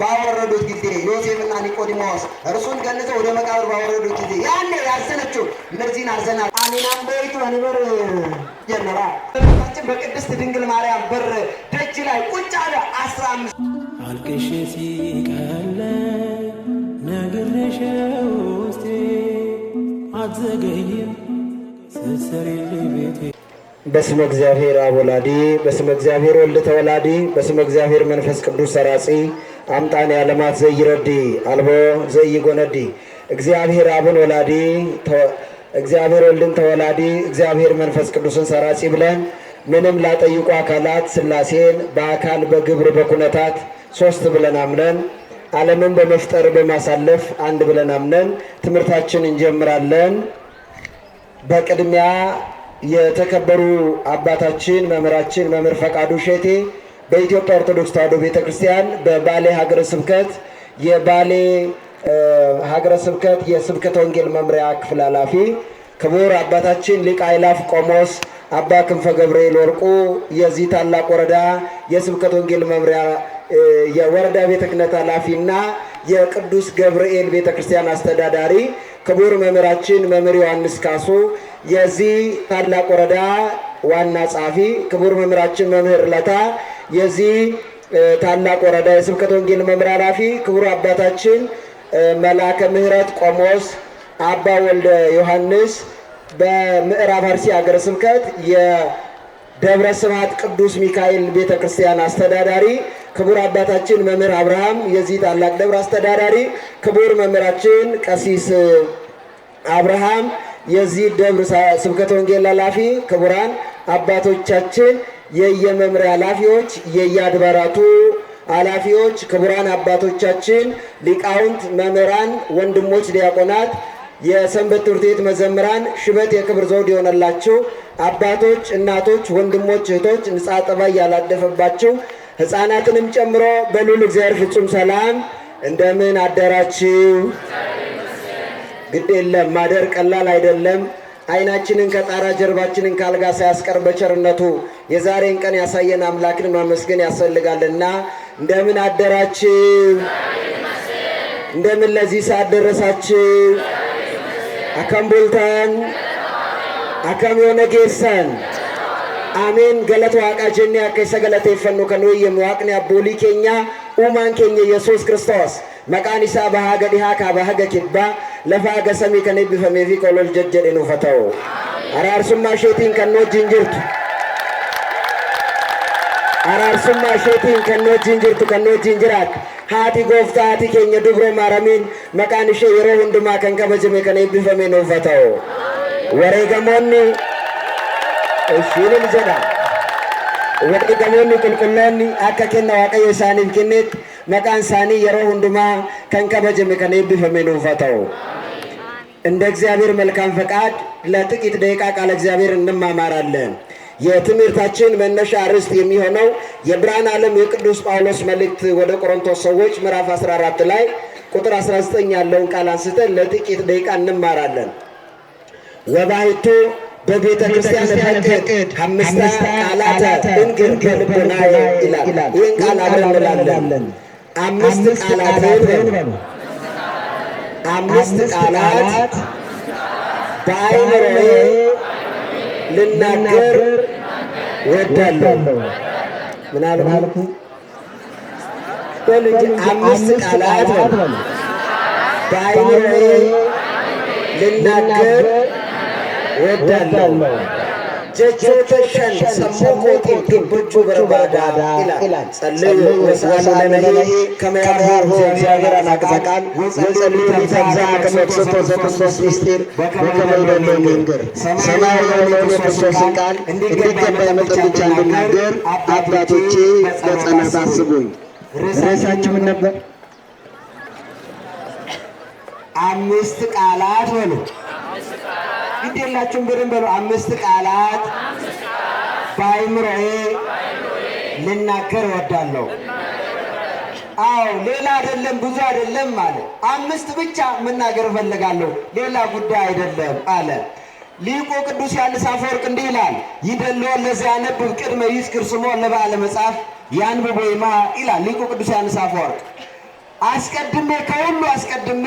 ባወረዱት ጊዜ ዮሴፍና ኒቆዲሞስ እርሱን ገንዘው ወደ መቃብር ባወረዱት ጊዜ ያኔ ያዘነችው እነዚህን አዘናል። አሚናም በይቱ መንበር ጀመራ። በታችን በቅድስት ድንግል ማርያም በር ደጅ ላይ ቁጭ አለ። አስራ አምስት አልቅሼ ሲቀለ ነግሬሽ ውስጤ አትዘገይም ስትሰሪልኝ ቤቴ በስመ እግዚአብሔር አብ ወላዲ በስመ እግዚአብሔር ወልድ ተወላዲ በስመ እግዚአብሔር መንፈስ ቅዱስ ሰራጺ አምጣን ያለማት ዘይረዲ አልቦ ዘይጎነዲ እግዚአብሔር አብን ወላዲ እግዚአብሔር ወልድን ተወላዲ እግዚአብሔር መንፈስ ቅዱስን ሰራጺ ብለን ምንም ላጠይቁ አካላት ስላሴን በአካል በግብር በኩነታት ሶስት ብለን አምነን ዓለምን በመፍጠር በማሳለፍ አንድ ብለን አምነን ትምህርታችን እንጀምራለን። በቅድሚያ የተከበሩ አባታችን መምህራችን መምህር ፈቃዱ ሼቴ በኢትዮጵያ ኦርቶዶክስ ተዋሕዶ ቤተ ክርስቲያን በባሌ ሀገረ ስብከት የባሌ ሀገረ ስብከት የስብከተ ወንጌል መምሪያ ክፍል ኃላፊ ክቡር አባታችን ሊቀ አእላፍ ቆሞስ አባ ክንፈ ገብርኤል ወርቁ የዚህ ታላቅ ወረዳ የስብከት ወንጌል መምሪያ የወረዳ ቤተ ክህነት ኃላፊ እና የቅዱስ ገብርኤል ቤተ ክርስቲያን አስተዳዳሪ ክቡር መምህራችን መምህር ዮሐንስ ካሱ፣ የዚህ ታላቅ ወረዳ ዋና ጸሐፊ ክቡር መምህራችን መምህር ለታ፣ የዚህ ታላቅ ወረዳ የስብከተ ወንጌል መምህር ኃላፊ ክቡር አባታችን መላከ ምሕረት ቆሞስ አባ ወልደ ዮሐንስ በምዕራብ አርሲ ሀገረ ስብከት የደብረ ስብሐት ቅዱስ ሚካኤል ቤተ ክርስቲያን አስተዳዳሪ ክቡር አባታችን መምህር አብርሃም የዚህ ታላቅ ደብር አስተዳዳሪ፣ ክቡር መምህራችን ቀሲስ አብርሃም የዚህ ደብር ስብከተ ወንጌል ኃላፊ፣ ክቡራን አባቶቻችን የየመምሪያ ኃላፊዎች፣ የየአድባራቱ ኃላፊዎች፣ ክቡራን አባቶቻችን ሊቃውንት፣ መምህራን፣ ወንድሞች ዲያቆናት የሰንበት ትምህርት ቤት መዘምራን ሽበት የክብር ዘውድ የሆነላችሁ አባቶች፣ እናቶች፣ ወንድሞች፣ እህቶች ንጻ ጠባይ ያላደፈባችሁ ሕፃናትንም ጨምሮ በሉል እግዚአብሔር ፍጹም ሰላም እንደምን አደራችው? ግድ የለም ማደር ቀላል አይደለም። አይናችንን ከጣራ ጀርባችንን ካልጋ ሳያስቀር በቸርነቱ የዛሬን ቀን ያሳየን አምላክን ማመስገን ያስፈልጋልና እንደምን አደራችው? እንደምን ለዚህ ሰዓት ደረሳችው? አከም አከም የሆነ ጌሳን አሜን ገለት ዋቃጀኒ አከሰ ገለተ ይፈኑ ከኑ የምዋቅን አቦሊ ኬኛ ኡማን ኬኛ ኢየሱስ ክርስቶስ መቃን በሃገ ዲሃ ካ ኪባ ለፋ ገሰሚ ከነ ቢፈሜ ቆሎል ጀጀደ ነው ፈተው አራርሱማ ሼቲን ከኖ ጅንጅርቱ አራርሱማ ሼቲን ከኖ ጅንጅርቱ ከኖ ጅንጅራት ሃቲ ጎፍታ ሃቲ ኬኛ ዱብሮ ማረሚን መቃን የሮ ሁንዱማ ከን ከበጀሜ ከነ ነው ፈተው ወሬ ገሞኒ isiinin jedha warri gamoonni qulqullaanni akka kenna waaqayyo isaaniif kennetti maqaan isaanii yeroo hundumaa kan kabajame kan እንደ እግዚአብሔር መልካም ፈቃድ ለጥቂት ደቂቃ ቃለ እግዚአብሔር እንማማራለን። የትምህርታችን መነሻ ርዕስ የሚሆነው የብርሃን ዓለም የቅዱስ ጳውሎስ መልእክት ወደ ቆሮንቶስ ሰዎች ምዕራፍ 14 ላይ ቁጥር 19 ያለውን ቃል አንስተን ለጥቂት ደቂቃ እንማራለን። ወባሕቱ በቤተ ክርስቲያን ፈቅድ አምስት ቃላተ እንግር በልቦና ይላል። ይህን ቃል አብረን እንላለን። አምስት ቃላት አምስት ቃላት በአይምሮዬ ልናገር ወዳለሁ። ምናልባት በልጅ አምስት ቃላት በአይምሮዬ ልናገር እወዳለሁ። ጀጆቻችን ሰሞኮቴ ዱብቹ ይላል። ጸልዩ ወስዋሉ ከመያርሆ እግዚአብሔር ዘክርስቶስ ምስጢር ሰማይ የሆነውን የክርስቶስን ቃል እንዲገባ መጠን ብቻ እንድናገር አባቶቼ በጸሎት አስቡኝ። ርዕሳችሁን ነበር አምስት ቃላት ግድ የላችሁም በሉ አምስት ቃላት በአይምሮዬ ልናገር እወዳለሁ። አዎ ሌላ አይደለም፣ ብዙ አይደለም አለ። አምስት ብቻ መናገር እፈልጋለሁ፣ ሌላ ጉዳይ አይደለም አለ። ሊቁ ቅዱስ ዮሐንስ አፈወርቅ እንዲህ ይላል፣ ይደሎ ለዚያ ነብብ ቅድመ ይዝክር ስሞ ለበዓለ መጽሐፍ ያንብብ ወይማ ይላል ሊቁ ቅዱስ ዮሐንስ አፈወርቅ። አስቀድሜ ከሁሉ አስቀድሜ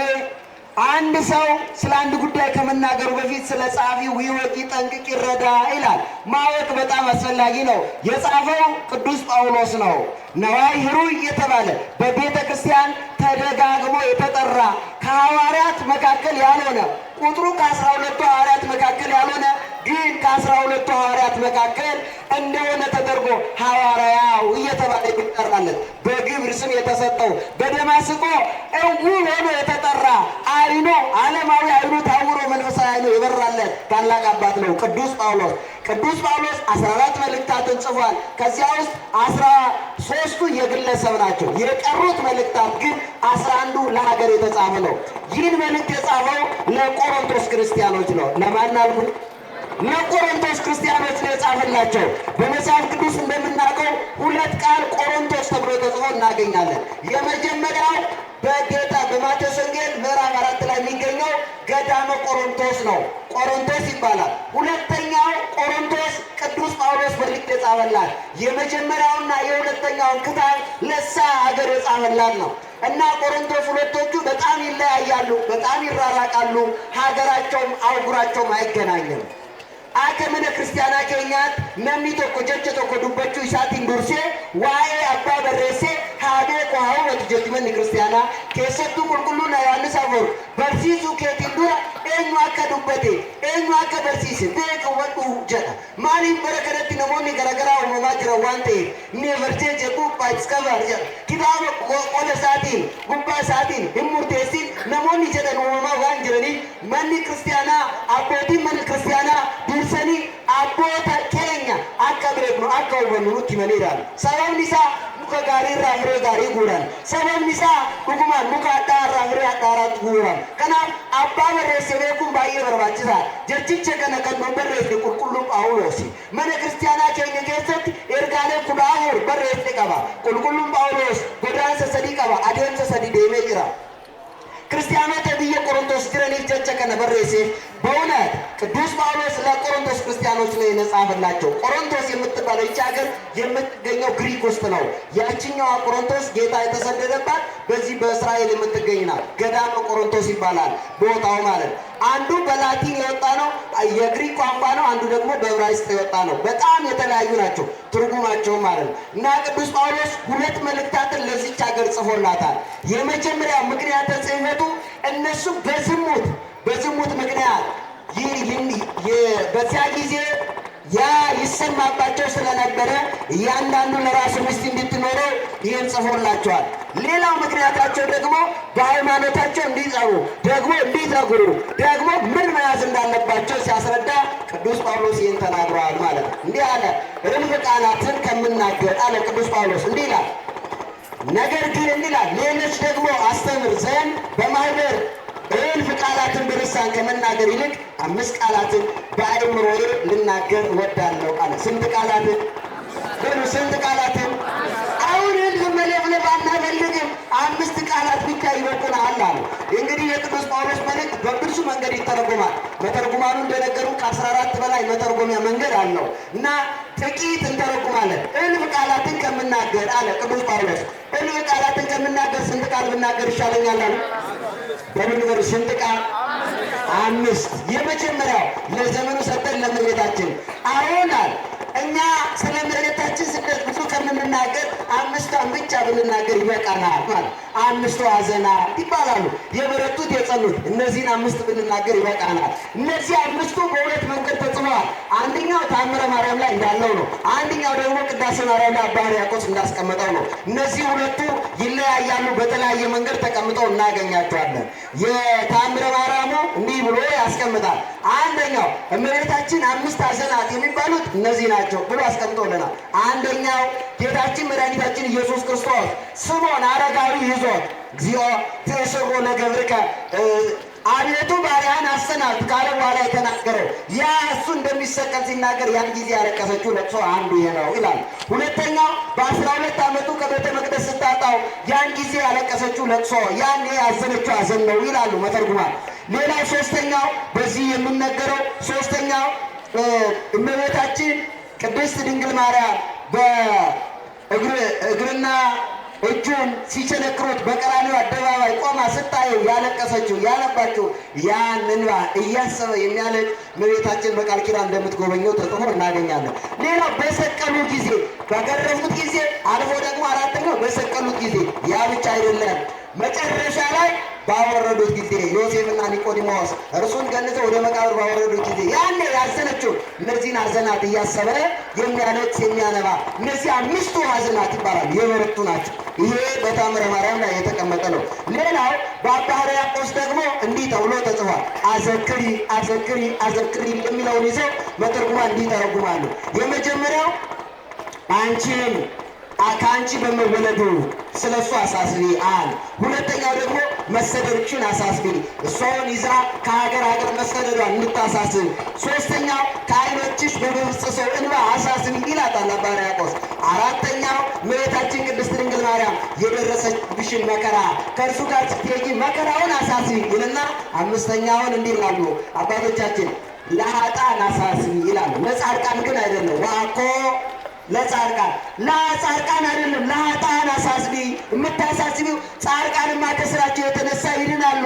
አንድ ሰው ስለ አንድ ጉዳይ ከመናገሩ በፊት ስለ ጸሐፊው ይወቂ፣ ጠንቅቅ፣ ይረዳ ይላል። ማወቅ በጣም አስፈላጊ ነው። የጻፈው ቅዱስ ጳውሎስ ነው። ነዋይ ህሩይ የተባለ በቤተ ክርስቲያን ተደጋግሞ የተጠራ ከሐዋርያት መካከል ያልሆነ ቁጥሩ ከአስራ ሁለቱ ሐዋርያት መካከል ያልሆነ ግን ከአስራ ሁለቱ ሐዋርያት መካከል እንደሆነ ተደርጎ ሐዋርያው እየተባለ ይጠራለን። በግብር ስም የተሰጠው በደማስቆ እውር ሆኖ የተጠራ አይኖ ዓለማዊ አይኖ ታውሮ መንፈሳዊ አይኖ የበራለን ታላቅ አባት ነው ቅዱስ ጳውሎስ። ቅዱስ ጳውሎስ አስራ አራት መልእክታትን ጽፏል። ከዚያ ውስጥ አስራ ሶስቱ የግለሰብ ናቸው። የቀሩት መልእክታት ግን አስራ አንዱ ለሀገር የተጻፈ ነው። ይህን መልእክት የጻፈው ለቆሮንቶስ ክርስቲያኖች ነው። ለማን ለቆሮንቶስ ክርስቲያኖች ነው የጻፈላቸው። በመጽሐፍ ቅዱስ እንደምናውቀው ሁለት ቃል ቆሮንቶስ ተብሎ ተጽፎ እናገኛለን። የመጀመሪያው በጌታ በማቴዎስ ወንጌል ምዕራፍ አራት ላይ የሚገኘው ገዳመ ቆሮንቶስ ነው፣ ቆሮንቶስ ይባላል። ሁለተኛው ቆሮንቶስ ቅዱስ ጳውሎስ በልክ የጻፈላት የመጀመሪያውና የሁለተኛውን ክታብ ለሳ ሀገር የጻፈላት ነው እና ቆሮንቶስ ሁለቶቹ በጣም ይለያያሉ፣ በጣም ይራራቃሉ። ሀገራቸውም አውጉራቸውም አይገናኝም። አከ መነ ክርስቲያና ኬኛት ነምኒ ቶኮ ጀቸ ቶኮ ዱበቹ ኢሳቲን ዱርሴ ዋኤ አባ በሬሴ ሃዴ ቆሃው ወትጀት መን ክርስቲያና ኬሰቱ ቁልቁሉና ያንስ አፈሩ በርሲሱ ኬቲን ዱራ ኤኙ አከ ዱበቴ ኤኙ አከ በርሲስ ቤቅ ወጡ ጀታ ማሊም በረከደቲ ነሞኒ ገረገራ ኡመማ ጅረ ዋን ተኤ ኔቨርቴ ጀቱ ባይስከበር ጀ ኪታበ ቆለ ሳቲን ጉባ ሳቲን ሂሙርቴሲን ነሞኒ ጀደን ኡመማ ዋን ጅረኒ መኒ ክርስቲያና አቦቲ መን ክርስቲያና dursanii abboota keenya akka bireeknu akka hubannu nutti himanidhaan sababni isaa muka gaarii irraa hiree gaarii guuran sababni isaa dhugumaan muka hadhaa irraa hiree hadhaaraatti guuran kanaaf abbaa barreesse beekuun baay'ee barbaachisaa jechicha kana kan nun barreesse qulqulluun phaawulosi mana kiristaanaa keenya keessatti ergaalee kudha afur barreesse qaba qulqulluun phaawulos godaansa sadii qaba adeemsa sadii deemee jira ክርስቲያኖተ ብዬ ቆሮንቶስ ጅረን ይጨጨከነ በሬሴ በእውነት ቅዱስ ጳውሎስ ለቆሮንቶስ ክርስቲያኖች ላይ ነጻፈላቸው። ቆሮንቶስ የምትባለው ይቺ ሀገር የምትገኘው ግሪክ ውስጥ ነው። ያችኛዋ ቆሮንቶስ ጌታ የተሰደደባት በዚህ በእስራኤል የምትገኝ ናት። ገዳመ ቆሮንቶስ ይባላል ቦታው ማለት አንዱ በላቲን የወጣ ነው፣ የግሪክ ቋንቋ ነው። አንዱ ደግሞ በዕብራይስጥ የወጣ ነው። በጣም የተለያዩ ናቸው። ትርጉማቸው ማለት ነው። እና ቅዱስ ጳውሎስ ሁለት መልእክታትን ለዚች ሀገር ጽፎላታል። የመጀመሪያ ምክንያት ጽሕፈቱ እነሱ በዝሙት በዝሙት ምክንያት በዚያ ጊዜ ያ ይሰማባቸው ስለነበረ እያንዳንዱ ለራሱ ሚስት እንድትኖረው ይህን ጽፎላቸዋል። ሌላው ምክንያታቸው ደግሞ በሃይማኖታቸው እንዲጸሩ ደግሞ እንዲጠጉሩ ደግሞ ምን መያዝ እንዳለባቸው ሲያስረዳ ቅዱስ ጳውሎስ ይህን ተናግረዋል ማለት ነው። እንዲህ አለ። ርምብ ቃላትን ከምናገር አለ ቅዱስ ጳውሎስ እንዲህ ይላል። ነገር ግን እንዲህ ሌሎች ደግሞ አስተምር ዘንድ በማህበር እልፍ ቃላትን በልሳን ከመናገር ይልቅ አምስት ቃላትን በአእምሮ ልናገር ወዳለው አለ። ስንት ቃላትን ብሉ? ስንት ቃላትን አሁን እልፍ መለፍለፍ አናፈልግም፣ አምስት ቃላት ብቻ ይበቁናል አሉ። እንግዲህ የቅዱስ ጳውሎስ መልእክት በብዙ መንገድ ይተረጎማል። መተርጉማኑ እንደነገሩ ከአስራ አራት በላይ መተርጎሚያ መንገድ አለው እና ጥቂት እንተረጉማለን። እልፍ ቃላትን ከምናገር አለ ቅዱስ ጳውሎስ እልፍ ቃላትን ከምናገር ስንት ቃል ብናገር ይሻለኛል አሉ በምንበር ስንጥቃ አምስት የመጀመሪያው ለዘመኑ ሰጠን ለምሬታችን አሁናል እኛ ስለ መሬታችን ስደት ብዙ ከምንናገር አምስቷን ብቻ ብንናገር ይበቃናል። አምስቱ አዘና ይባላሉ። የበረቱት የጸኑት፣ እነዚህን አምስት ብንናገር ይበቃናል። እነዚህ አምስቱ በሁለት መንገድ ተጽፈዋል። አንደኛው ታምረ ማርያም ላይ እንዳለው ነው። አንደኛው ደግሞ ቅዳሴ ማርያም ላይ አባ ሕርያቆስ እንዳስቀመጠው ነው። እነዚህ ሁለቱ ይለያያሉ። በተለያየ መንገድ ተቀምጠው እናገኛቸዋለን። የታምረ ማርያሙ እንዲህ ብሎ ያስቀምጣል። አንደኛው እመቤታችን አምስት አዘናት የሚባሉት እነዚህ ናቸው። ናቸው ብሎ አስቀምጦልናል። አንደኛው ጌታችን መድኃኒታችን ኢየሱስ ክርስቶስ ስምዖን አረጋዊ ይዞት እግዚኦ ትእስሮ ለገብርከ አቤቱ ባሪያን አሰናብት ካለ በኋላ የተናገረው ያ እሱ እንደሚሰቀል ሲናገር ያን ጊዜ ያለቀሰችው ለቅሶ አንዱ ይሄ ነው ይላል። ሁለተኛው በአስራ ሁለት ዓመቱ ከቤተ መቅደስ ስታጣው ያን ጊዜ ያለቀሰችው ለቅሶ ያን ያዘነችው አዘን ነው ይላሉ መተርጉማል። ሌላው ሶስተኛው በዚህ የሚነገረው ሶስተኛው እመቤታችን ቅድስት ድንግል ማርያም በእግርና እጁን ሲቸነክሩት በቀራኒው አደባባይ ቆማ ስታየው ያለቀሰችው ያለባችው ያን እንባ እያሰበ የሚያለቅ መቤታችን በቃል ኪዳን እንደምትጎበኘው ተጽፎ እናገኛለን። ሌላው በሰቀሉ ጊዜ በገረፉት ጊዜ አልፎ ደግሞ አራተኛው በሰቀሉት ጊዜ ያ ብቻ አይደለም መጨረሻ ላይ ባወረዱት ጊዜ ዮሴፍና ኒቆዲሞስ እርሱን ገንዘው ወደ መቃብር ባወረዱት ጊዜ ያኔ ያዘነችው እነዚህን ሐዘናት እያሰበ የሚያለቅስ የሚያነባ እነዚህ አምስቱ ሀዘናት ይባላል። የበረቱ ናቸው። ይሄ በታምረ ማርያም ላይ የተቀመጠ ነው። ሌላው በአባ ሕርያቆስ ደግሞ እንዲህ ተብሎ ተጽፏል። አዘክሪ አዘክሪ አዘክሪ የሚለውን ይዘው በትርጉማ እንዲህ ተረጉማሉ። የመጀመሪያው አንቺን ከአንቺ በመወለዱ ስለ እሱ አሳስቢ አል። ሁለተኛው ደግሞ መሰደዶችን አሳስቢ፣ እሷውን ይዛ ከሀገር ሀገር መሰደዷን እንድታሳስብ። ሶስተኛው ከአይኖችሽ ከዓይኖችሽ ሰው እንባ አሳስቢ ይላታል አባ ሕርያቆስ። አራተኛው እመቤታችን ቅድስት ድንግል ማርያም የደረሰብሽን መከራ ከእርሱ ጋር ስትሄጂ መከራውን አሳስቢ ይልና አምስተኛውን እንዲህ ይላሉ አባቶቻችን ለሀጣን አሳስቢ ይላሉ። ለጻድቃን ግን አይደለም ዋኮ ለጻድቃን ለጻድቃን አይደለም ለኃጥአን አሳስቢ። የምታሳስቢው ጻድቃንማ ከስራቸው የተነሳ ይድናሉ፣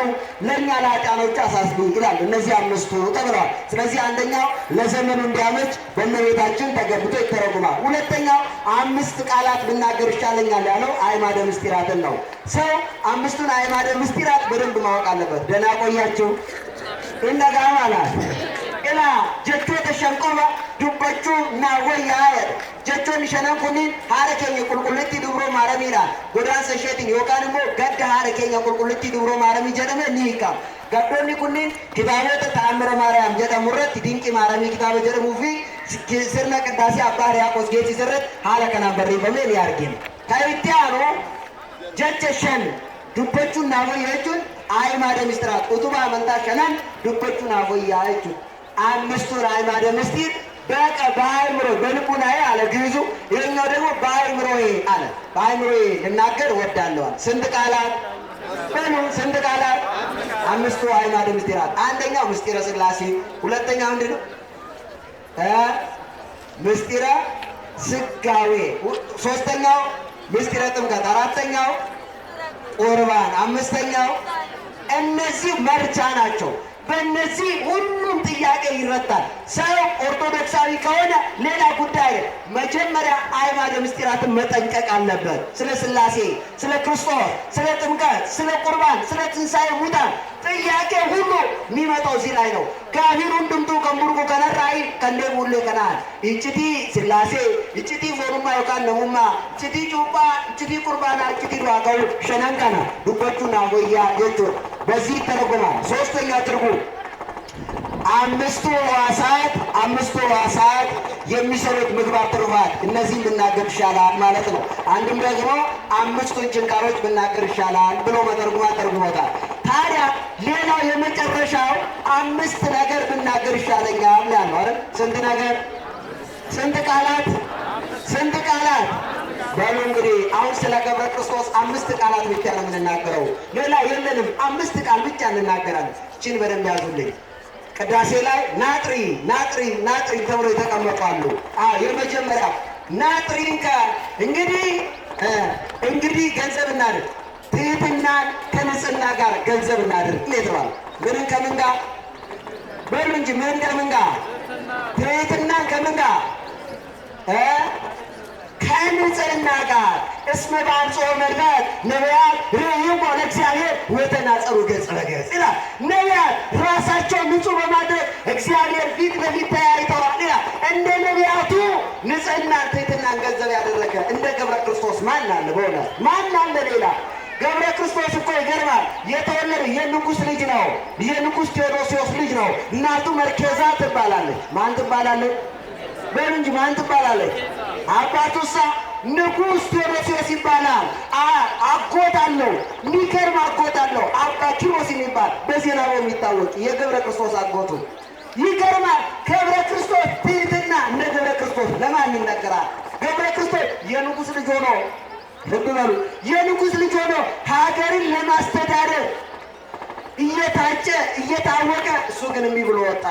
ለእኛ ለኃጥአኖች አሳስቢ ይላል። እነዚህ አምስቱ ተብለዋል። ስለዚህ አንደኛው ለዘመኑ እንዲያመች በእመቤታችን ተገብቶ ይተረጉማል። ሁለተኛው አምስት ቃላት ብናገር ይሻለኛል ያለው አዕማደ ምስጢራትን ነው። ሰው አምስቱን አዕማደ ምስጢራት በደንብ ማወቅ አለበት። ደህና ቆያችሁ እንደጋማላት ila jechoota shan qofa dubbachuu naawwayya jedha. Jechoonni shanan kunniin haara keenya qulqullittii dubroo maaramiidha. Godaansa isheetiin yookaan immoo gadda haara keenya qulqullittii dubroo maaramii jedhame ni hiikama. Gaddoonni kunniin kitaabota ta'amira maariyaam jedhamu irratti dinqi maaramii kitaaba jedhamuu fi sirna qaddaasee abbaa Hiriyaaqoos Geetsis irratti haala kanaan barreeffamee ni argina. Kan itti aanu jecha shan dubbachuun naafayyaa jechuun aayimaa demistiraa utubaa amantaa shanan dubbachuun naafayyaa jechuudha. አምስቱን አዕማደ ምስጢር በቀ በአእምሮ በልቡና አለ ግዙ ይህኛው ደግሞ በአእምሮዬ አለ። በአእምሮዬ ልናገር ወዳለዋል። ስንት ቃላት በሉ፣ ስንት ቃላት? አምስቱ አዕማደ ምስጢራት። አንደኛው ምስጢረ ሥላሴ፣ ሁለተኛው ምንድን ነው? ምስጢረ ስጋዌ፣ ሶስተኛው ምስጢረ ጥምቀት፣ አራተኛው ቁርባን፣ አምስተኛው እነዚህ መርቻ ናቸው። በእነዚህ ሁሉም ጥያቄ ይረታል። ሰው ኦርቶዶክሳዊ ከሆነ ሌላ ጉዳይ መጀመሪያ አዕማደ ምስጢራትን መጠንቀቅ አለበት። ስለ ስላሴ፣ ስለ ክርስቶስ፣ ስለ ጥምቀት፣ ስለ ቁርባን፣ ስለ ትንሣኤ ሙታን ጥያቄ ሁሉ የሚመጣው እዚህ ላይ ነው። ከአቢሩ እንድምጡ ከንቡርቁ ከነራይ ከንዴ ሁሉ ከናል ይችቲ ስላሴ ይችቲ ፎኑማ ዮካን ነሙማ ይችቲ ጩባ ይችቲ ቁርባና ይችቲ ዱዋጋው ሸነንቀና ዱበቹ ናጎያ የቹ በዚህ ይተረጎማል። ሶስተኛ ትርጉም አምስቱ ሕዋሳት አምስቱ ሕዋሳት የሚሰሩት ምግባር ትሩፋት እነዚህ ብናገር ይሻላል ማለት ነው። አንድም ደግሞ አምስቱን ጭንቃሮች ብናገር ይሻላል ብሎ መተርጉማ ተርጉሞታል። ታዲያ ሌላው የመጨረሻው አምስት ነገር ብናገር ይሻለኛል ያለው አይደል? ስንት ነገር ስንት ቃላት ስንት ቃላት በሉ እንግዲህ አሁን ስለ ገብረ ክርስቶስ አምስት ቃላት ብቻ ነው የምንናገረው። ሌላ የለንም፣ አምስት ቃል ብቻ እንናገራለን። እችን በደንብ ያዙልኝ። ቅዳሴ ላይ ናጥሪ ናጥሪ ናጥሪ ተብሎ የተቀመጧሉ። የመጀመሪያ ናጥሪን እንግዲህ እንግዲህ ገንዘብ እናድርግ፣ ትህትና ከንጽህና ጋር ገንዘብ እናድርግ የተባለ ምንን ከምን ጋር በሉ እንጂ ምን ከምን ጋር ትህትናን ከምን ጋር ከንጽሕና ጋር እስመ በአንጽሖ መድባት ነቢያት ርእይሞ ለእግዚአብሔር ወተናጸሩ ገጽ በገጽ ይላል። ነቢያት ራሳቸው ንጹሕ በማድረግ እግዚአብሔር ፊት ለፊት ተያይተዋል እንደ ነቢያቱ ንጽህና ትሕትናን ገንዘብ ያደረገ እንደ ገብረ ክርስቶስ ማን አለ? በሆነ ማን አለ ሌላ ገብረ ክርስቶስ እኮ ይገርማል። የተወለደ የንጉሥ ልጅ ነው። የንጉሥ ቴዎዶሲዎስ ልጅ ነው። እናቱ መርኬዛ ትባላለች። ማን ትባላለች? በሉ እንጂ ማን ትባላለች? አባቱሳ ንጉሥ ቴዎዶስዮስ ይባላል። አጎት አለው፣ የሚገርም አጎት አለው። አባ ኪሮስ የሚባል በዜና የሚታወቅ የገብረ ክርስቶስ አጎቱ ይገርማል። ገብረ ክርስቶስ ትህትና እንደ ገብረ ክርስቶስ ለማን ይነገራል? ገብረ ክርስቶስ የንጉሥ ልጅ ሆኖ ልብ በሉ፣ የንጉሥ ልጅ ሆኖ ሀገርን ለማስተዳደር እየታጨ እየታወቀ፣ እሱ ግን እምቢ ብሎ ወጣ።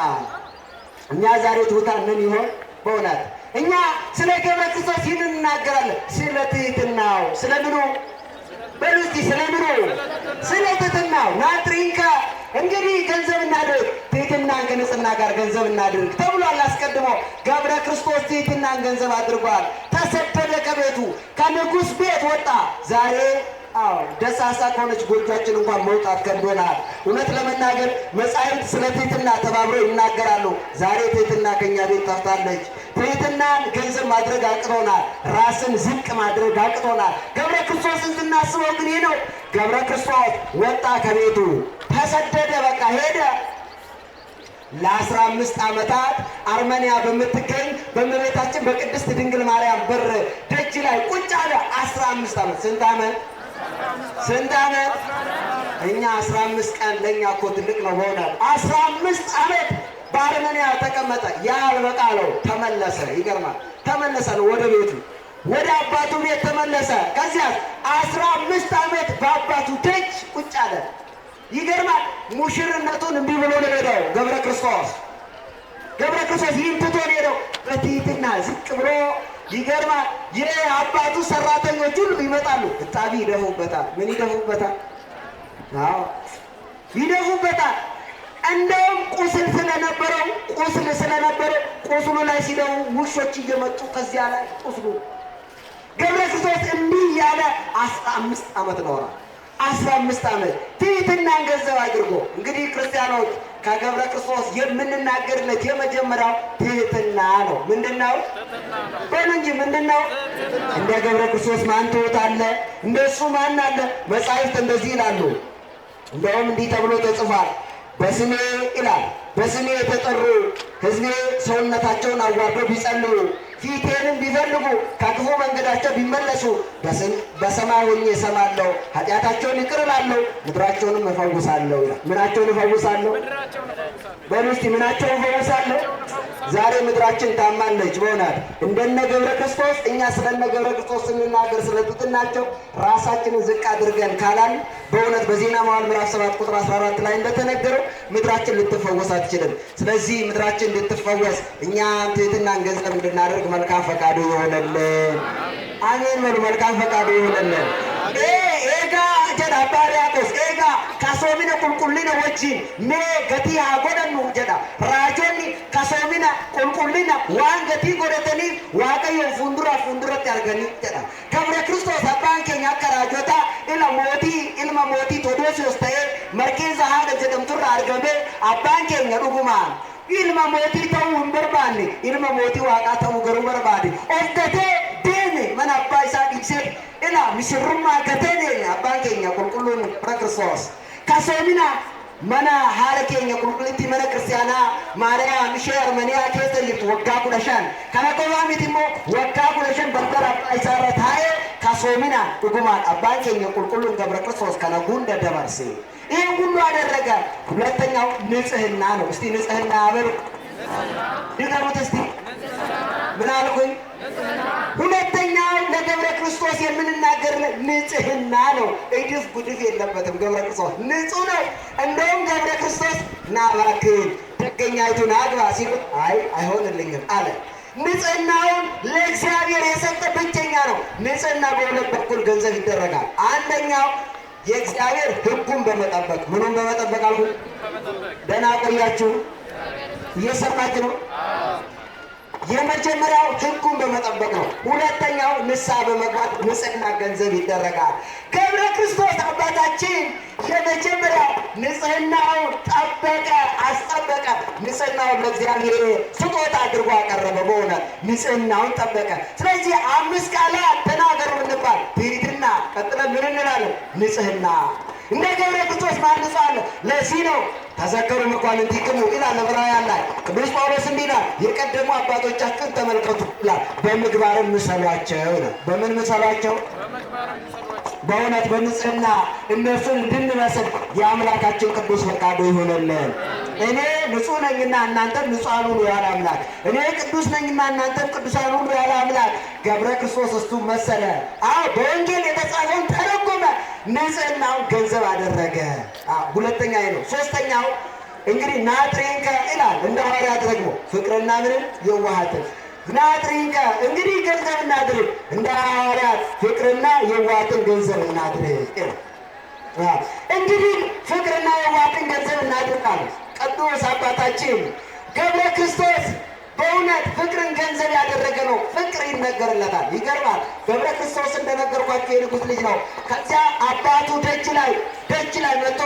እኛ ዛሬ ትሁታን ምን ይሆን በእውነት እኛ ስለ ገብረ ክርስቶስ ይህን እናገራለን። ስለ ትህትናው ስለ ምኑ በሉስቲ ስለ ምኑ ስለ ትህትናው ናትሪንካ እንግዲህ ገንዘብ እናድርግ ትህትናን ከንጽህና ጋር ገንዘብ እናድርግ ተብሏል። አስቀድሞ ገብረ ክርስቶስ ትህትናን ገንዘብ አድርጓል። ተሰደደ ከቤቱ ከንጉሥ ቤት ወጣ ዛሬ አዎ ደሳሳ ከሆነች ጎጆችን እንኳን መውጣት ከንዶናል። እውነት ለመናገር መጻሕፍት ስለ ትሕትና ተባብረው ይናገራሉ። ዛሬ ትሕትና ከእኛ ቤት ጠፍታለች። ትሕትናን ገንዘብ ማድረግ አቅቶናል። ራስን ዝቅ ማድረግ አቅቶናል። ገብረ ክርስቶስን ስናስበው ግን ይህ ነው። ገብረ ክርስቶስ ወጣ ከቤቱ ተሰደደ፣ በቃ ሄደ። ለአስራ አምስት ዓመታት አርመንያ በምትገኝ በእመቤታችን በቅድስት ድንግል ማርያም በር ደጅ ላይ ቁጭ አለ። አስራ አምስት ዓመት ስንት ዓመት ስንት ዓመት? እኛ አስራ አምስት ቀን ለእኛ እኮ ትልቅ ነው በሆናል። አስራ አምስት ዓመት በአርመንያ ተቀመጠ። ያ አልበቃ ተመለሰ። ይገርማል። ተመለሰ ነው ወደ ቤቱ ወደ አባቱ ቤት ተመለሰ። ከዚያ አስራ አምስት ዓመት በአባቱ ደጅ ቁጭ አለ። ይገርማል። ሙሽርነቱን እንዲህ ብሎ ነው የሄደው ገብረ ክርስቶስ ገብረ ክርስቶስ ይህን ትቶ ነው በትህትና ዝቅ ብሎ ይገርማል። የአባቱ ሰራተኞች ሁሉ ይመጣሉ። እጣቢ ይደፉበታል። ምን ይደፉበታል? አዎ ይደፉበታል። እንደውም ቁስል ስለነበረው ቁስል ስለነበረው ቁስሉ ላይ ሲደው ውሾች እየመጡ ከዚያ ላይ ቁስሉ ገብረ ክርስቶስ እንዲህ እያለ አስራ አምስት ዓመት ኖራል። አስራ አምስት ዓመት ትህትናን ገንዘብ አድርጎ እንግዲህ ክርስቲያኖች ከገብረ ክርስቶስ የምንናገርለት የመጀመሪያው ትህትና ነው። ምንድን ነው በሉ እንጂ ምንድን ነው? እንደ ገብረ ክርስቶስ ማን ትሑት አለ? እንደ እሱ ማን አለ? መጻሕፍት እንደዚህ ይላሉ። እንደውም እንዲህ ተብሎ ተጽፏል። በስሜ ይላል በስሜ የተጠሩ ሕዝቤ ሰውነታቸውን አዋርዶ ቢጸልዩ ፊቴንም ቢፈልጉ ከክፉ መንገዳቸው ቢመለሱ በሰማይ ሆኜ እሰማለሁ፣ ኃጢአታቸውን ይቅር እላለሁ፣ ምድራቸውንም እፈውሳለሁ ይላል። ምናቸውን እፈውሳለሁ? በሚስቲ ምናቸውን እፈውሳለሁ? ዛሬ ምድራችን ታማለች። በእውነት እንደነ ገብረ ክርስቶስ እኛ ስለነ ገብረ ክርስቶስ ስንናገር ስለ ራሳችንን ዝቅ አድርገን ካላል በእውነት በዜና መዋዕል ምዕራፍ 7 ቁጥር 14 ላይ እንደተነገረው ምድራችን ልትፈወስ አትችልም። ስለዚህ ምድራችን ልትፈወስ እኛ ትህትናን ገንዘብ እንድናደርግ መልካም ፈቃዱ ይሆነልን። አሜን በሉ። መልካም ፈቃዱ ይሆነልን። ከሶሚነ ቁልቁሊነ ወጂን ሜ ገቲ ሀጎደኑ ጀዳ ራጆኒ ከሶሚነ ቁልቁሊነ ዋን ገቲ ጎደተኒፍ ዋቀዮ ፉንዱራ ፉንዱረት ያርገኒ ጀዳ ገብረ ክርስቶስ አባን ኬኛ አከ ራጆታ ኢለ ሞቲ ኢልመ ሞቲ ቶዶሲዮስ ተኤ መርቄዛ ሀደ ጀደምቱራ አርገሜ አባን ኬኛ ዱጉማን ilma mootii ta'uu hin barbaanne ilma mootii waaqaa ta'uu garuu barbaade of gatee deeme mana abbaa isaa dhibsee ila misirrummaa gatee deeme abbaan keenya qulqulluun bara kiristoos kasoomina mana haala keenya qulqullitti mana kiristiyaanaa maariyaam ishee armaniyaa keessa jirtu waggaa kudha shan kana qofaa miti immoo waggaa kudha shan balbala abbaa isaarra አሶሚና እጉማን አባን ኬኛ ቁልቁሉን ገብረ ክርስቶስ ከነጉ እንደደበርሴ ይህ ሁሉ አደረገ። ሁለተኛው ንጽህና ነው። እስቲ ንጽህና አብር ድገሙት እስቲ ምን አልኩኝ? ሁለተኛው ለገብረ ክርስቶስ የምንናገር ንጽህና ነው። እድፍ ጉድፍ የለበትም። ገብረ ክርስቶስ ንጹህ ነው። እንደውም ገብረ ክርስቶስ ና ደገኛይቱን አግባ ሲሉ አይ አይሆንልኝም አለ። ንጽህናውን ለእግዚአብሔር የሰጠ ብቸኛ ነው። ንጽህና በሁለት በኩል ገንዘብ ይደረጋል። አንደኛው የእግዚአብሔር ህጉን በመጠበቅ ምኑን በመጠበቅ አልኩ። ደህና ቆያችሁ? እየሰማችሁ ነው? የመጀመሪያው ህጉን በመጠበቅ ነው። ሁለተኛው ንስሐ በመግባት ንጽህና ገንዘብ ይደረጋል። ገብረ ክርስቶስ አባታችን ከመጀመሪያ ንጽህናውን ጠበቀ፣ አስጠበቀ። ንጽህናው ለእግዚአብሔር ስጦታ አድርጎ አቀረበ። በእውነት ንጽህናውን ጠበቀ። ስለዚህ አምስት ቃላት ተናገሩ እንባል። ትሕትና፣ ቀጥለን ምን እንላለን? ንጽህና። እንደ ገብረ ክርስቶስ ማንጻለ ለዚህ ነው ተዘከሩ መኳንንቲክሙ ይላል ዕብራውያን ላይ ቅዱስ ጳውሎስ እንዲህ ይላል፣ የቀደሙ አባቶቻችን ተመልከቱ ይላል፣ በምግባርም ምሰሏቸው ይላል። በምን ምሰሏቸው? በእውነት በንጽህና እነርሱን እንድንመስል የአምላካችን ቅዱስ ፈቃዱ ይሆነልን። እኔ ንጹሕ ነኝና እናንተም ንጹሐን ሁኑ ያለ አምላክ፣ እኔ ቅዱስ ነኝና እናንተም ቅዱሳን ሁኑ ያለ አምላክ ገብረ ክርስቶስ እሱ መሰለ። አዎ በወንጌል የተጻፈውን ተረጎመ፣ ንጽህናውን ገንዘብ አደረገ። ሁለተኛ ነው። ሶስተኛው እንግዲህ ናትሬንከ ይላል እንደ ሐዋርያት ደግሞ ፍቅርና ምንም የዋሃትን ናጥንቀ እንግዲህ ገንዘብ እናድርግ እንደ ሐዋርያት ፍቅርና የዋጥን ገንዘብ እናድርግ። እንግዲህ ፍቅርና የዋጥን ገንዘብ እናድርግ ቅዱስ አባታችን ገብረ ክርስቶስ። በእውነት ፍቅርን ገንዘብ ያደረገ ነው። ፍቅር ይነገርለታል። ይገርማል። ገብረ ክርስቶስ እንደነገርኳቸው የንጉሥ ልጅ ነው። ከዚያ አባቱ ደጅ ላይ ደጅ ላይ መጥቶ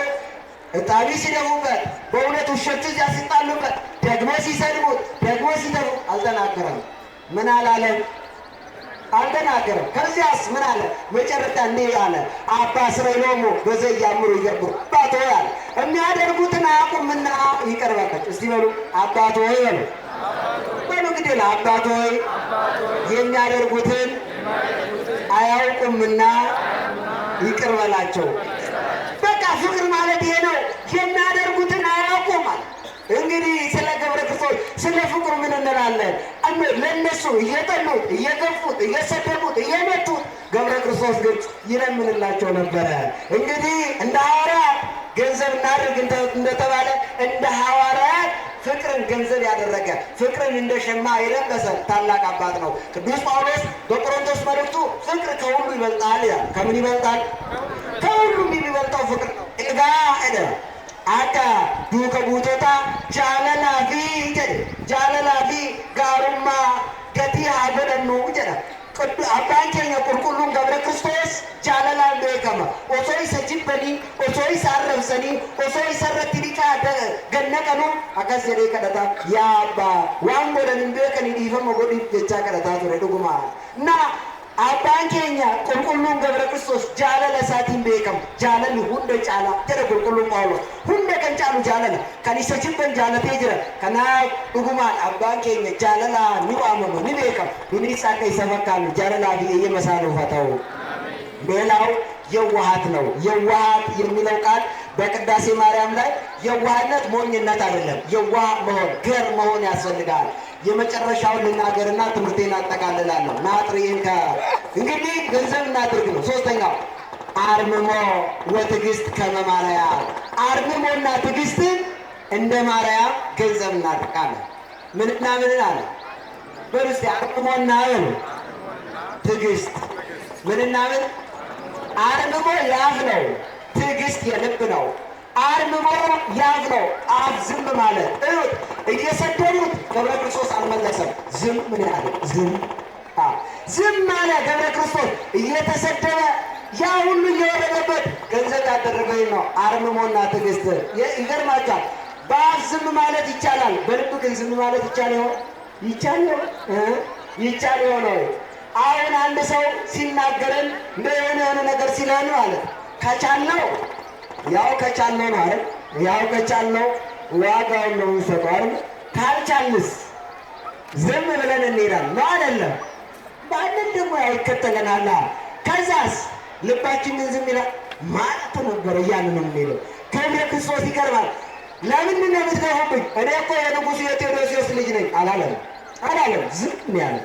እጣቢ ሲደፉበት፣ በእውነት ውሾች እዚያ ሲጣሉበት፣ ደግሞ ሲሰድቡት፣ ደግሞ ሲተሩ አልተናገረም። ምን አላለም? አልተናገረም። ከዚያስ ምን አለ? መጨረሻ እንዲህ አለ፣ አባ ስረይሎሙ በዘያምሩ ይገብሩ፣ አባት ሆይ አለ የሚያደርጉትን አያውቁምና ይቅር በላቸው። እስቲ በሉ አባት ሆይ በሉ በሉ እንግዲህ ለአባት ሆይ የሚያደርጉትን አያውቁምና ይቅር በላቸው። ፍቅር ምን እንላለን? ለእነሱ እየጠሉት፣ እየገፉት፣ እየሰደቡት፣ እየመቱት ገብረ ክርስቶስ ግን ይለምንላቸው ነበረ። እንግዲህ እንደ ሐዋርያት ገንዘብ እናድርግ እንደተባለ እንደ ሐዋርያት ፍቅርን ገንዘብ ያደረገ ፍቅርን እንደ ሸማ የለበሰ ታላቅ አባት ነው ቅዱስ ጳውሎስ። በቆሮንቶስ መልእክቱ ፍቅር ከሁሉ ይበልጣል ይላል። ከምን ይበልጣል? ከሁሉም የሚበልጠው ፍቅር ነው። akka duuka buutota jaalalaa fi jedhe jaalalaa fi gaarummaa gatii haa godhannu jedha. Abbaan keenya qulqulluun gabra Kiristoos jaalalaan beekama. Osoo isa jibbanii, osoo isa arrabsanii, osoo isa irratti dhiqaa gannaqanu akkas jedhee kadhata. Yaa abbaa waan godhan hin beekanii dhiifama godhiif jechaa kadhataa ture dhugumaan. Na አባንኬኛ ቁልቁሉን ገብረ ክርስቶስ ጃለ ለሳቲን ቤከም ጃለኒ ሁንደ ጫላ ጀረ ቁልቁሉን ጳውሎስ ሁንደ ከን ጫሉ ጃለነ ከኒሰ ችበን ከናይ ዱጉማን አባንኬኛ ጃለላ ኒቋመመ ኒ ቤከም ዱኒሳ ጃለላ ብዬ የመሳለው ፈተው ሌላው የዋሃት ነው። የዋሃት የሚለው ቃል በቅዳሴ ማርያም ላይ የዋህነት ሞኝነት አይደለም፣ የዋህ መሆን ገር መሆን ያስፈልጋል። የመጨረሻውን ልናገርና ትምህርቴን አጠቃልላለሁ። ናጥሪን እንግዲህ ገንዘብ እናድርግ ነው። ሶስተኛው አርምሞ ወትዕግስት ከመማርያ አርምሞና ትዕግስትን እንደ ማርያም ገንዘብ እናድርጋለን። ምንና ምንን አለ በርስ አርምሞና ትዕግስት ምንና ምን አርምሞ ያዝ ነው። ትዕግስት የልብ ነው። አርምሞ ያዝ ነው። አብ ዝም ማለት እየሰደሙት ገብረ ክርስቶስ አልመለሰም። ዝም ምን ያለ ዝም ዝም ማለ ገብረ ክርስቶስ እየተሰደበ ያ ሁሉ እየወረደበት ገንዘብ ያደረገኝ ነው። አርምሞና ትዕግስት ይገርማቸዋል። በአብ ዝም ማለት ይቻላል። በልብ ግን ዝም ማለት ይቻል ይሆን? ይቻል ይሆን? ይቻል አሁን አንድ ሰው ሲናገረን የሆነ የሆነ ነገር ሲለን ማለት ከቻለው ያው ከቻለው ነው አይደል? ያው ከቻለው ዋጋውን ነው የምንሰጠው አይደል? ካልቻልስ ዝም ብለን እንሄዳል ነው አይደለም? ባንን ደግሞ ያው ይከተለናል። ከዛስ ግን ዝም ይላል ማለት ነበር እያልን ነው የምንሄደው። ክብረ ክርስቶስ ይቀርባል። ለምንድን ነው የምትገፉብኝ? እኔ እኮ የንጉሱ የቴዎዶሲዎስ ልጅ ነኝ አላለም አላለም። ዝም ያለ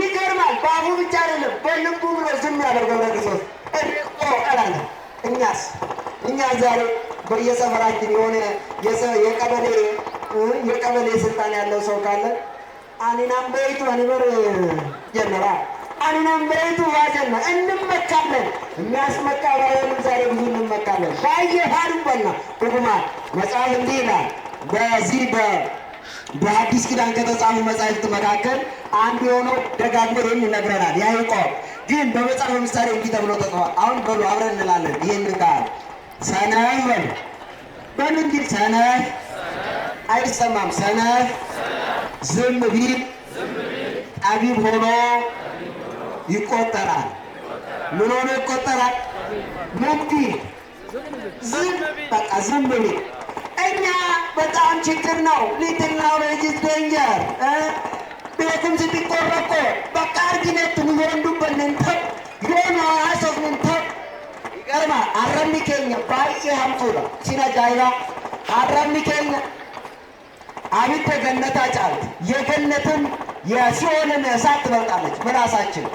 ይገርማል። በአፉ ብቻ አይደለም በልቡ ብሎ ዝም ያደርገው በክርስቶስ እሪቆ አላለ። እኛስ እኛ ዛሬ በየሰፈራችን የሆነ የቀበሌ የቀበሌ ስልጣን ያለው ሰው ካለ አኒናም በይቱ አኒበር ጀነራ አኒናም በይቱ ዋጀነ እንመካለን። የሚያስመካ ባይሆንም ዛሬ ብዙ እንመካለን። ባየ ሀዱበና ትጉማ መጽሐፍ እንዲህ ይላል በዚህ በ በአዲስ ኪዳን ከተጻፉ መጻሕፍት መካከል አንዱ የሆነው ደጋግሞ ይህን ይነግረናል። ያዕቆብ ግን በመጽሐፈ ምሳሌ እንዲህ ተብሎ ተጽፏል። አሁን በሉ አብረን እንላለን። ይህን ቃል ሰነፍ በሉ በሉ እንግዲህ ሰነፍ አይሰማም። ሰነፍ ዝም ቢል ጠቢብ ሆኖ ይቆጠራል። ምን ሆኖ ይቆጠራል? ሙክቲ ዝም በቃ ዝም ቢል እኛ በጣም ችግር ነው። ሊትናው ሬጅስ ደንጀር ቤትም ስትቆረቆ በቃ እርጅነት ንወንዱ ንንተብ የሆነ አሰብ ንንተብ ይቀርማ አረሚ ኬኛ ባይቄ ሀምቱላ ሲነጃይራ አረሚ ኬኛ አብተ ገነታ ጫልት የገነትን የሲሆንን እሳት ትበልጣለች በራሳችን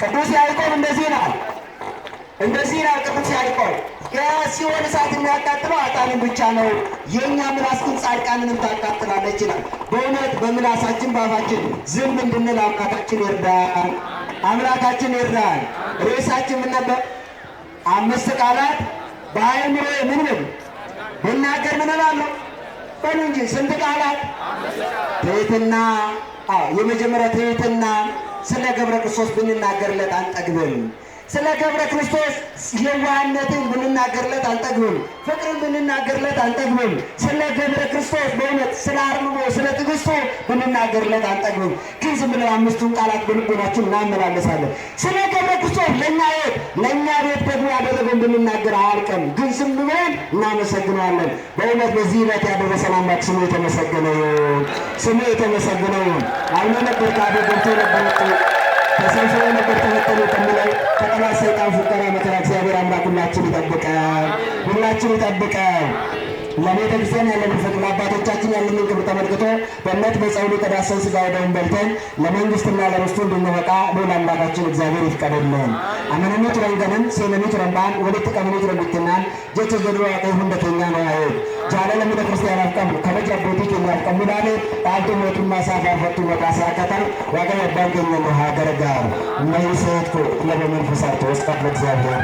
ቅዱስ ያዕቆብ እንደዚህ ናል እንደዚህ ይላል ቅዱስ ያዕቆብ እሳት የሚያቃጥለው አጣንን ብቻ ነው፣ የእኛ ምላስ ግን ጻድቃንንም ታቃጥላለች ይላል። በእውነት በምላሳችን በአፋችን ዝም እንድንል አምላካችን ይርዳል። አምላካችን ይርዳል። ርዕሳችን ምን ነበር? አምስት ቃላት በአእምሮ ምን ምን ብናገር ምን እላለሁ በሉ እንጂ ስንት ቃላት? ትህትና። የመጀመሪያ ትህትና ስለ ገብረ ክርስቶስ ብንናገርለት አንጠግብም። ስለ ገብረ ክርስቶስ የዋህነትን ብንናገርለት አንጠግብም፣ ፍቅርን ብንናገርለት አንጠግብም። ስለ ገብረ ክርስቶስ በእውነት ስለ አርምሞ ስለ ትዕግስቱ ብንናገርለት አንጠግብም። ግን ዝም ብለን አምስቱን ቃላት በልቦናችን እናመላለሳለን። ስለ ገብረ ክርስቶስ ለእኛ ቤት ለእኛ ቤት ደግሞ ያደረገን ብንናገር አያልቀም። ግን ዝም ብለን እናመሰግነዋለን። በእውነት በዚህ ዕለት ያደረሰን አምላክ ስሙ የተመሰገነ ይሁን። ስሙ የተመሰገነ ይሁን። አይነ ነበር ቃቤ ገብቶ ነበር ተሰብስበው ነበር ተበተኑት የሚለው ከጠላት ሰይጣን ፉቀራ መከራ እግዚአብሔር አምላክ ሁላችን ይጠብቀን፣ ሁላችን ይጠብቀን። ለቤተ ክርስቲያን ያለንን ፍቅር ለአባቶቻችን ያለንን ክብር ተመልክቶ በእምነት በጸውሉ የተዳሰሰ ሥጋ ወደሙን በልተን ለመንግሥትና ለርስቱ እንድንበቃ ልዑል አምላካችን እግዚአብሔር ይፍቀድልን። አመነሚት ረንገንን ሴነሚት ረንባን ወደት ቀመኒት ረንቢትናን ጀች ዘድሮ ያቀይሁ እንደተኛ ነው ያየት ጃለ ለምደ ክርስቲያን አፍቀሙ ከመጭ አቦቲት የሚያፍቀሙ ዳሌ ጣልቶ ሞቱን ማሳፍ አፈቱ መቃሳ ከተር ዋጋ ያባልገኘ ነው ሀገር ጋር መይሰትኩ ለበመንፈሳቸው ውስጥ እግዚአብሔር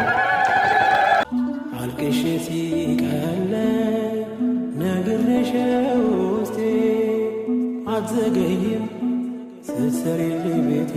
አልቅሽ ሲቀር ነሽ ውስጤ አትዘገይም ስትሰሪልኝ ቤቴ